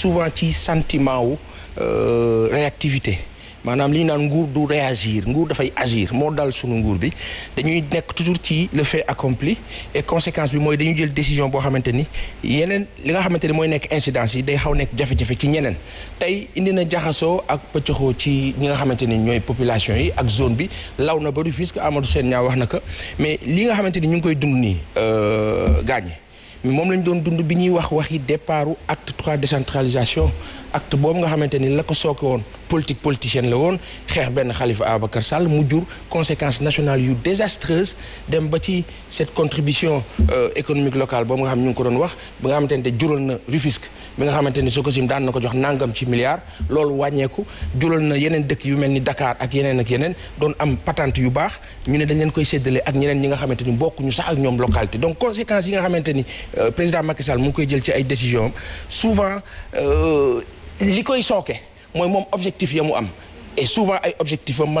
souvent ci sentiment wu euh, réactivité maanaam li ñu naan nguur du réagir nguur dafay agir moo dal sunu nguur bi dañuy nekk toujours ci le fait accompli et conséquence bi mooy dañu jël décision boo xamante ni yeneen li nga xamante ni mooy nekk incidence yi day xaw nekk jafe-jafe ci ñeneen tey indi na jaxasoo ak pëccëxoo ci ñi nga xamante ni ñooy population yi ak zone bi law na ba Rufisque Amadou Sène ñaa wax na ko mais li nga xamante ni ñu ngi koy dund nii euh, gaañe moom lañ doon dund bi ñuy wax waxi départu acte trois décentralisation acte boobu nga xamante ni la ko sooke woon politique politicienne la woon xeex benn Khalifa Ababacar Sall mu jur conséquence nationales yu désastreuses dem ba ci cette contribution euh, économique locale boobu nga xam ñu ngi ko doon wax ba nga xamante ne jural na Rufisque mi nga xamante ni Sococim daan na ko jox nangam ci milliards loolu wàññeeku jural na yeneen dëkk yu mel ni dakaar ak yeneen ak yeneen doon am patente yu baax ñu ne dañ leen koy séddale ak ñeneen ñi nga xamante ni bokkuñu sax ak ñoom localité donc conséquences yi nga xamante ni euh, président Macky Sall mu ngi koy jël ci ay décisions souvent euh, li koy sooke mooy moom objectif ya mu am et souvent ay objectif am